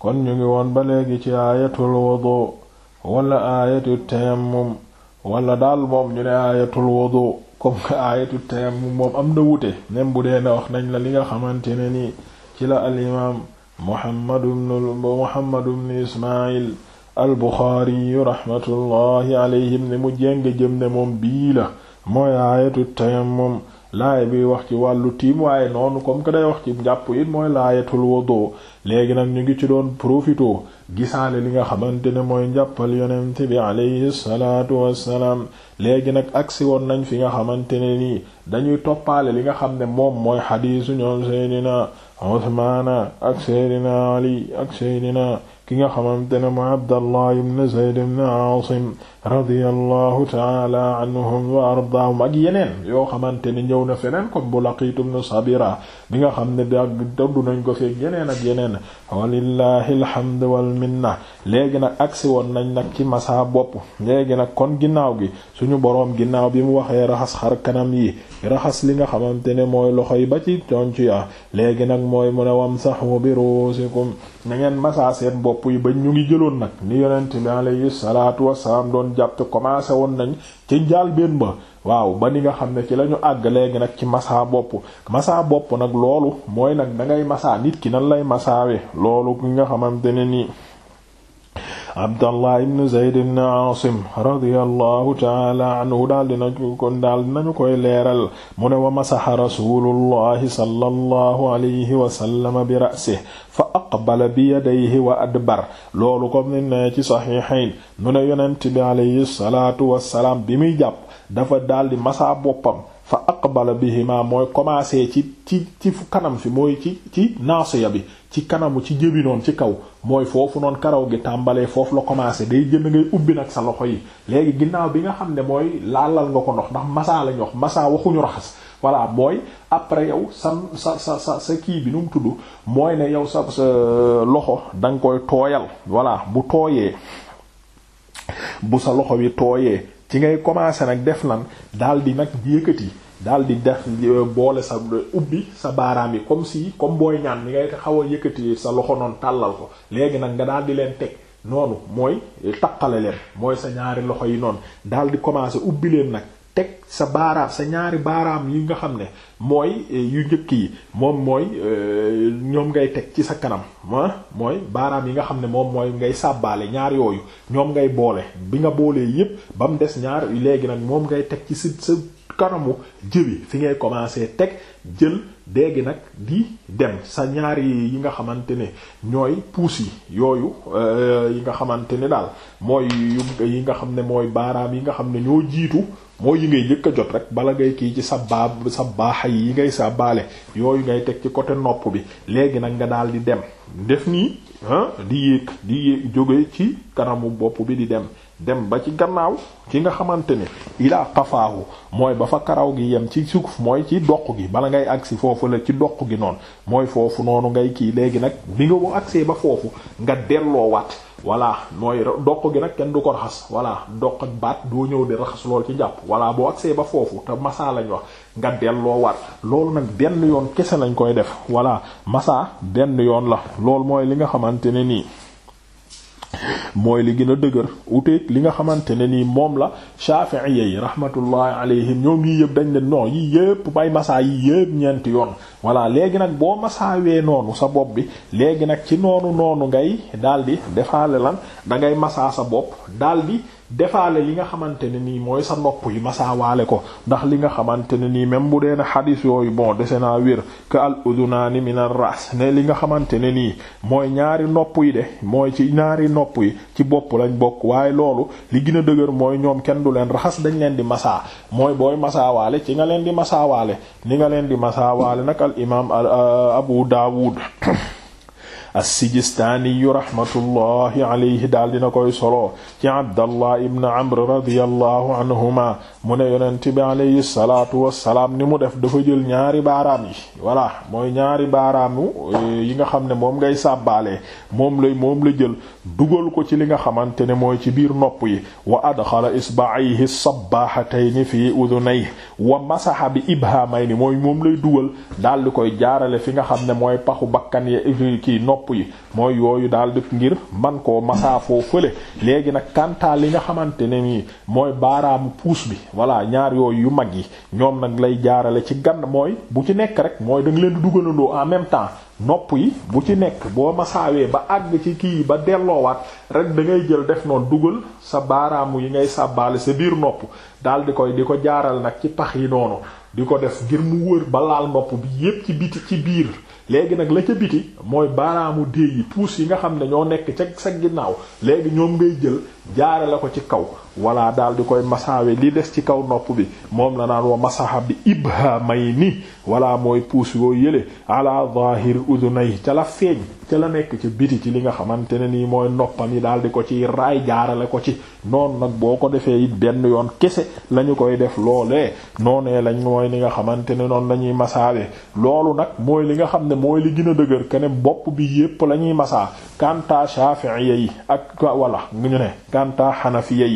kon ñu ngi woon ba léegi ci aayatul wudu wala aayatu tayammum wala daal moom ñu ne aayatul wudu comme que aayatu tayammum moom am na wute même bu dee ne wax nañ la li nga xamante ne nii ci la al imaam Muhammadu bnu Muhammadu bnu Ismaayil al Buxaari rahmatullahi alayhim ne mu jéng jëm ne moom bii la mooy aayatu tayammum laay biy wax ci wàllu tiim waaye noonu comme que day wax ci njàpp it mooy laayatul wudu léegi nag ñu ngi ci doon profito gisaale li nga xamante ne mooy njàppal yonent bi alayhi salaatu wassalaam léegi nag agsi woon nañ fi nga xamante ne nii dañuy toppaale li nga xam ne moom mooy xadiisu ñoom seydina Usmaana ak seydina Ali ak seydina ki nga xamante ne mooy Abdallah ibn Zayd ibn Aasim radiyallahu taala anhum wa ardaahum ak yeneen yoo xamante ne ñëw na feneen comme bu Laqiit ibn Sabira bi nga xam ne dagg doddu nañ ko feek yeneen ak yeneen walillahi alhamdu wal minna léegi nag agsi woon nañ nag ci masa bopp léegi nag kon ginnaaw gi suñu boroom ginnaaw bi mu waxee raxas xar kanam yi raxas li nga xamante ne mooy loxo yi ba ci conc ya léegi nag mooy mu ne wamsahu bi ko na ngeen masaa seet bopp yi ba ñu ngi jëloon nag ni yonent bi alayhi salaatu wassalaam doon jàpp te commencé woon nañ ci njaal benn ba waaw ba ni nga xam ne ci lañu àgg léegi nag ci masa bopp masaa bopp nag loolu mooy nag dangay masaa masa nit ki nan lay masaawe loolu ki nga xamante ne nii Abdallah ibn Zayd ibn Aasim radiyallahu taala anhu daal dinañu kon daal dinañu koy leeral mu ne wa masaxa rasulullahi sallallahu alayhi wa sallam bi ra'sihi fa aqbala bi yadayhi wa adbar loolu comme ni ne ci saxiixayn mu ne yonent bi alayhi salaatu wassalaam bi muy jàpp dafa daal di masaa boppam fa aqbala bihima mooy commencé ci ci ci fu kanam fi mooy ci ci naasiya bi ci kanamu ci jëbi noonu ci kaw mooy foofu noonu karaw gi tàmbalee foofu la commencé day jënd ngay ubbi nag sa loxo yi léegi ginnaaw bi nga xam ne mooy laalal nga ko ndox ndax masaa lañ wax masaa waxuñu raxas voilà mooy après yow sa sa sa sa kii bi nu mu tudd mooy ne yow sa sa loxo da koy tooyal voilà bu tooyee bu sa loxo wi tooyee ci ngay commencer nag def lan daal di nag yëkkati daal di def euh, boole sa ubbi sa baaraam yi comme si comme booy ñaan ni ngay xaw a yëkkati sa loxo noonu tàllal ko léegi nag nga daal di leen teg noonu mooy taqale leen mooy sa ñaari loxo yi noonu daal di commencer ubbi leen nag teg sa baaraam sa ñaari baaraam yi nga xam ne mooy eh, yu njëkk yi moom mooy eh, ñoom ngay teg ci sa kanam ah mooy baaraam yi nga xam ne moom mooy ngay sàbbaale ñaar yooyu ñoom ngay boole bi nga boolee yépp ba mu des ñaar léegi nag moom ngay teg ci sa sa kanamu jëbi fi ngay commencer teg jël déegi nag di dem sa ñaari yi nga xamante ne ñooy puus yi yooyu euh, yi nga xamante ne daal mooy yi nga xam ne mooy baaraam yi nga xam ne ñoo jiitu mooy yi ngay jëkk a jot rek bala ngay kii ci sa baab sa baaxa yi ngay sa baale yooyu ngay teg ci côté nopp bi léegi nag nga daal di dem def nii ah, di yéeg di yéeg jóge ci kanamu bopp bi di dem dem ba ci gannaaw ki nga xamante ne ilaa xafaahu mooy ba fa karaw gi yem ci suuf mooy ci doq gi bala ngay agsi foofu la ci doq gi noonu mooy foofu noonu ngay kii léegi nag bi nga bu agsee ba foofu nga delloowaat voilà mooy doq gi nag kenn du ko raxas voilà doq ak baat doo ñëw di raxas loolu ci jàpp voilà boo agsee ba foofu te massa lañ wax nga delloowaat loolu nag benn yoon kese lañ koy def voilà masaa benn yoon la loolu mooy li nga xamante ne nii mooy li gën a dëgër wuteeg li nga xamante ne nii moom la Shafi'i yi rahmatullahi alayhim ñoom yii yëpp dañ ne non yii yëpp bay masaa yii yëpp ñeenti yoon voilà léegi nag boo masaawee noonu sa bopp bi léegi nag ci noonu noonu ngay daldi defaale lan da ngay masaa sa bopp daldi defaale li nga xamante ne nii mooy sa nopp yi masaawaale ko ndax li nga xamante ne nii même bu na xadis yooyu bon dese naa wér ka al udunaani min ras ne li nga xamante ne nii mooy ñaari nopp yi de mooy ci ñaari nopp yi ci bopp lañ bokk waaye loolu li gën dëgër mooy ñoom kenn du leen raxas dañ leen di masaa mooy booy masaawaale ci nga leen di masaawaale ni nga leen di masaawaale nag al imaam euh, abu daawud as-Sijistaani yu rahmatullahi alayhi daal dina koy solo ci Abdallah ibn Amr radiyallahu anhuma mu ne yonent bi alayhi salaatu wassalaam ni mu def dafa jël ñaari baaraam yi voilà mooy ñaari baaraamu yi nga xam ne moom ngay sàbbaale moom lay moom la jël dugal ko ci li nga xamante ne mooy ci biir nopp yi wa adxala isba'ayhi sabbahatayni fi udunayhi wa masaha bi ibhamayni mooy moom lay dugal daal koy jaarale fi nga xam ne mooy paxu bakkan yi kii nopp bopp yi mooy yooyu daal def ngir man koo foo fële léegi nag kantaa li nga xamante ne nii mooy baaraamu puus bi voilà ñaar yooyu yu mag yi ñoom nag lay jaarale ci gann mooy bu ci nekk rek mooy da nga leen di dugalandoo en même temps nopp yi bu ci nekk boo masaawee ba àgg ci kii ba delloowaat rek da ngay jël def noonu dugal sa baaraamu yi ngay sàbbaale sa biir nopp daal di koy di ko jaaral nag ci pax yi noonu di ko def ngir mu wër ba laal nopp bi yépp ci biti ci biir léegi nag la ca biti mooy baaraamu dée yi puus yi nga xam ne ñoo nekk ca sa ginnaaw léegi ñoom ngay jël jaare la ko ci kaw wala daal di koy masaawe li des ci kaw nopp bi moom la naan wa masaha bi ibhamayni wala mooy puus yoo yële ala zahir udunay ca la feeñ ca la nekk ca biti ci li nga xamante ne nii mooy noppam yi daal di ko ci raay jaarale ko ci noonu nag boo ko defee it benn yoon kese lañu koy def loolee noonee lañ mooy li nga xamante ne noonu la ñuy masaawe loolu nag mooy li nga xam ne mooy li gën a dëgër kene bopp bi yépp la ñuy masaa kanta shafi'iyyi yi ak wal ñu ne kanta hanafiya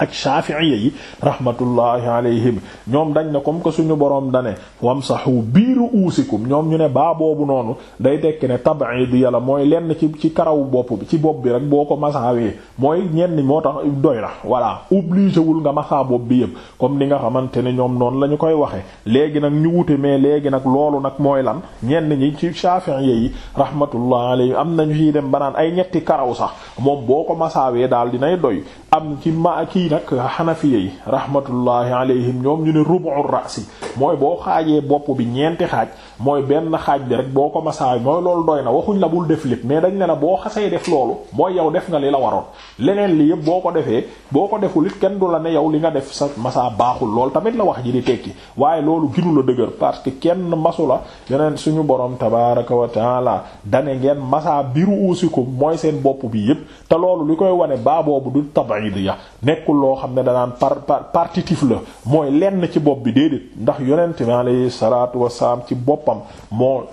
ak shafi'iyya yi rahmatullahi alayhim ñoom dañ ne comme que suñu boroom dane wamsahu bi ru'usikum ñoom ñu ne baa boobu noonu day tekki ne tab'id yàlla mooy lenn ci ci karaw bopp bi ci bopp bi rek boo ko masaawee mooy ñenn moo tax doy na voilà obligé wul nga masaa bopp bi yëpp comme ni nga xamante ne ñoom noonu la koy waxe léegi nag ñu wute mais léegi nag nag mooy lan ñenn ñi ci shafi'iyya yi rahmatullahi alayhim am nañu ciy dem naan ay ñetti karaw sax moom boo ko masaawee daal dinay doy am ci ma kii nag xanafiya yi rahmatullahi alayhim ñoom ñu ne rubu'ur ra'si mooy boo xaajee bopp bi ñeenti xaaj mooy benn xaaj bi rek boo ko masaa mooy loolu doy na waxuñ la bul def lépp mais dañ ne boo xasee def loolu mooy yow def nga li la waroon leneen li yëpp boo ko defee boo ko deful it kenn du la ne yow nga def sa masaa baaxul lool tamit la wax ji di tekki waaye loolu ginu la dëgër parce que kenn masu la yeneen suñu borom tabaraka wa taala dane ngeen masaa biru usikum mooy seen bopp bi yëpp te loolu li koy wane baa boobu du tabaid ya nekkul loo xam ne danaan par par partitif la mooy lenn ci bopp bi déedéet ndax ndax yonent bi alayhi salaatu ci boppam moo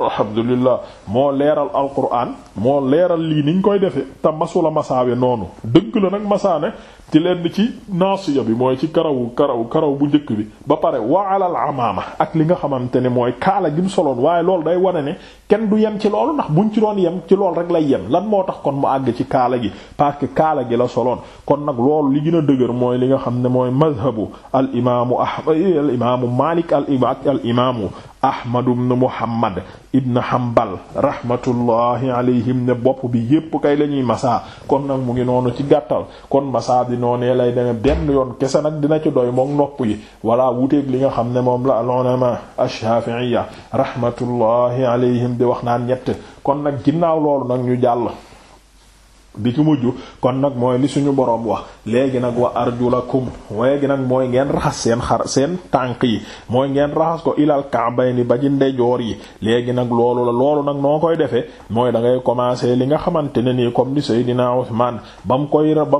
alhamdulillah moo leeral alquran moo leeral lii niñ koy defe te masula bi noonu dëgg la nag masaane ci lenn ci naasiya bi mooy ci karawu karaw karaw bu njëkk bi ba pare wa alal amaama ak li nga xamante ne mooy kaala gi mu soloon waaye loolu day wane ne kenn du yem ci loolu ndax buñ ci doon yem ci loolu rek lay yem lan moo tax kon mu àgg ci kaala gi parce que kaala gi la soloon kon nag loolu li gën a dëgër mooy li nga xam ne mooy mazhabu al imaamu ahmad al imaamu malik al imaamu ahmad ibn muhammad ibn hanbal rahmatullahi alayhim ne bopp bi yépp kay la ñuy masaa kon nag mu ngi noonu ci gàttal noonee lay demee benn yoon kese nag dina ci doy moom nopp yi walla wuteeg li nga xam ne moom la al-ulama ash-shafi'iyya rahmatullahi alayhim di wax naan ñett kon nag ginnaaw loolu nag ñu jàll bi ci mujj kon nag mooy li suñu boroom wax léegi nag wa arjulakum léegi nag mooy ngeen raxas seen xar seen tànk yi mooy ngeen raxas ko ilal ka'bayni ba ci ndeyjoor yi léegi nag loolu la loolu nag noo koy defee mooy da ngay commencer li nga xamante ne nii comme li Seydina Usmaan koy ba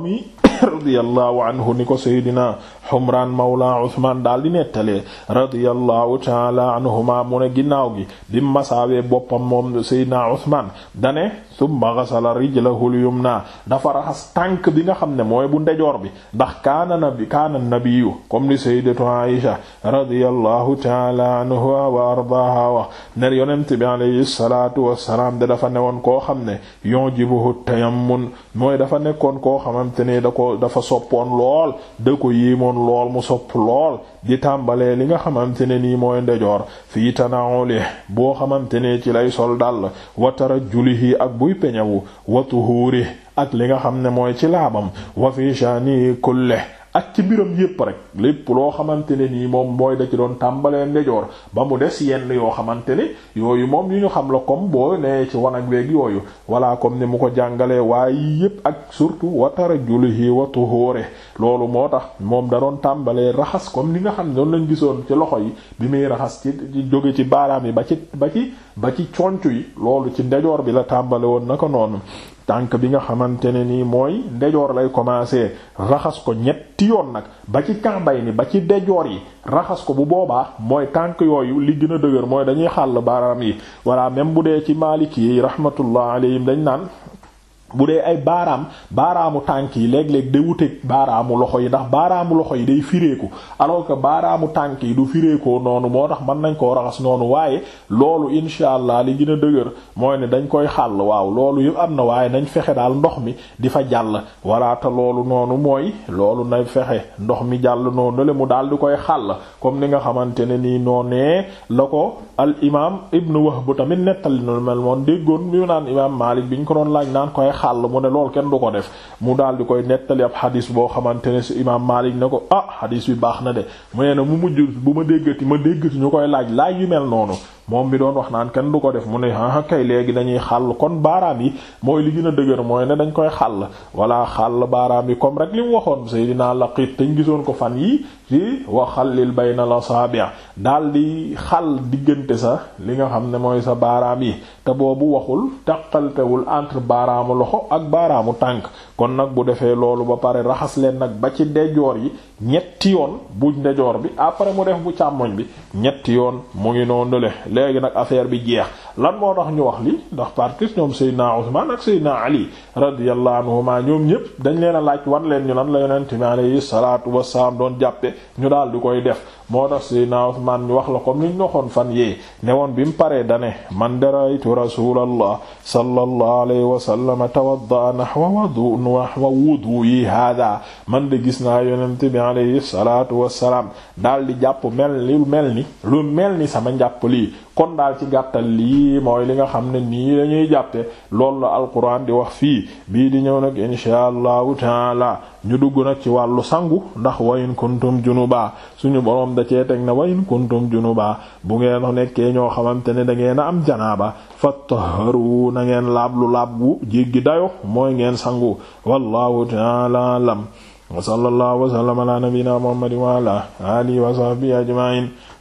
radiyallahu anhu ni ko seydina Humraan mawla Usmaan daal di nettalee radiyallahu taala anhuma mu ne ginnaaw gi bi masaawee boppam moom seydina Usmaan dane summa ghasala rijlahul yumna dafa raxas tànk bi nga xam ne mooy bu ndejoor bi ndax kaana nabi kaana nabiyu comme ni sayyidatu Aisha radiyallahu taala anha wa ardaaha wa ne yonent bi alayhi salaatu wassalaam de dafa newoon koo xam ne yujibuhu tayammun dafa nekkoon koo xamante ne da ko dafa soppoon lool dëkku ko moon lool mu sopp lool di tàmbalee li nga xamante ne nii mooy ndejoor fii tanauli boo xamante ne ci lay sol dàll wa tarajjulihi ak buy peñawu watu tuhuri ak li nga xam ne mooy ci laabam wa fi kulle ak ci mbiram yépp rek lépp loo xamante ne nii moom mooy de ci doon tàmbalee ndejoor ba mu des yenn yoo xamante ne yooyu moom yu ñu xam la comme boo nee ci wanag weeg yooyu walla kom ni mu ko jàngalee waaye yépp ak surtout watara julihi watu hóore loolu moo tax moom da doon tàmbalee raxas kom li nga xam noonu lañ gisoon ci loxo yi bi muy raxas ci jóge ci baaraam yi ba ci ba ci ba ci conc yi loolu ci ndejoor bi la tàmbale woon naka noonu tànk bi nga xamante ne nii mooy ndejoor lay commencer raxas ko ñetti yoon nag ba ci kambay ni ba ci ndejoor yi raxas ko bu boobaa mooy tànk yooyu li gën a dëgër mooy dañuy xàll baaraam yi walla même bu dee ci Maliki yi rahmatullah alayhim dañ naan bu dee ay baaraam baaraamu tànk yi léeg-léeg day wuteeg baaraamu loxo yi ndax baaraamu loxo yi day fireeku alors que baaraamu tànk yi du fireekoo noonu moo tax mën nañ koo raxas noonu waaye loolu incha allah li gën a dëgër mooy ne dañ koy xàll waaw loolu yëpp am na waaye nañ fexe daal ndox mi di fa jàll walaata loolu noonu mooy loolu nay fexe ndox mi jàll noonu le mu daal di koy xàll comme ni nga xamante ne nii noonee la ko al imaam ibnu Wahb tamit t noonu mel moom déggoon mi naan imaam Maalik biñ ko doon laaj naan xàll mu ne lool kenn du ko def mu daal di koy nettali ab xadis boo xamante ne si imaam Maalik ne ko ah xadis bi baax na de mu ne na mu mujj bu ma déggati ma déggati ñu koy laaj laaj yu mel noonu moom bi doon wax naan kenn du ko def mu ne ah kay léegi dañuy xàll kon baaraam yi mooy li gën a dëgër mooy ne dañ koy xàll walla xàll baaraam yi comme rek li mu waxoon Seydina Laqiit te ñu gisoon ko fan yi ci wa xallil bayna lasaabi' daal di xàll diggante sa li nga xam ne mooy sa baaraam yi te boobu waxul taqaltewul loxo ak baaraamu tànk kon nag bu defee loolu ba pare raxas leen nag ba ci ndejoor yi ñetti yoon bu ndejoor bi après mu def bu càmmoñ bi ñetti yoon mu ngi noonu le léegi nag affaire bi jeex lan moo tax ñu wax li ndax parce que ñoom Seydina Usmaan ak Seydina Ali radiyallahu anhuma ñoom ñépp dañ leen a laaj wan leen ñu nan la yonent mi alayhi salaatu wassalaam doon jàppe ñu daal di koy def moo tax Seydina Usmaan ñu wax la comme niñ waxoon fan yee ne woon bi mu paree dane man daraytu rasulallah sallallahu alayhi wa sallam tawadda nahwa wudu xarnu wax wa wudu yi hada man de gis naa yonent bi alayhi salaatu wassalaam daal di jàpp mel ni lu mel ni lu mel ni sama njàpp lii kon daal ci gàttal lii mooy li nga xam ne nii lañuy jàppe loolu la al alquran di wax fii bii di ñëw nag insha allahu taala ñu dugg nag ci wàllu sangu ndax wayin kuntum junuba suñu boroom da cee teg na wayin kuntum junuba bu ngeen nekkee ñoo xamante ne da ngeen a am janaaba fattaharu na ngeen laab lu laab gu jéggi dayo mooy ngeen sangu wallahu taala alam wa sallallahu wa sallama ala nabina muhammadin wa ala alihi wa sahbihi ajma'in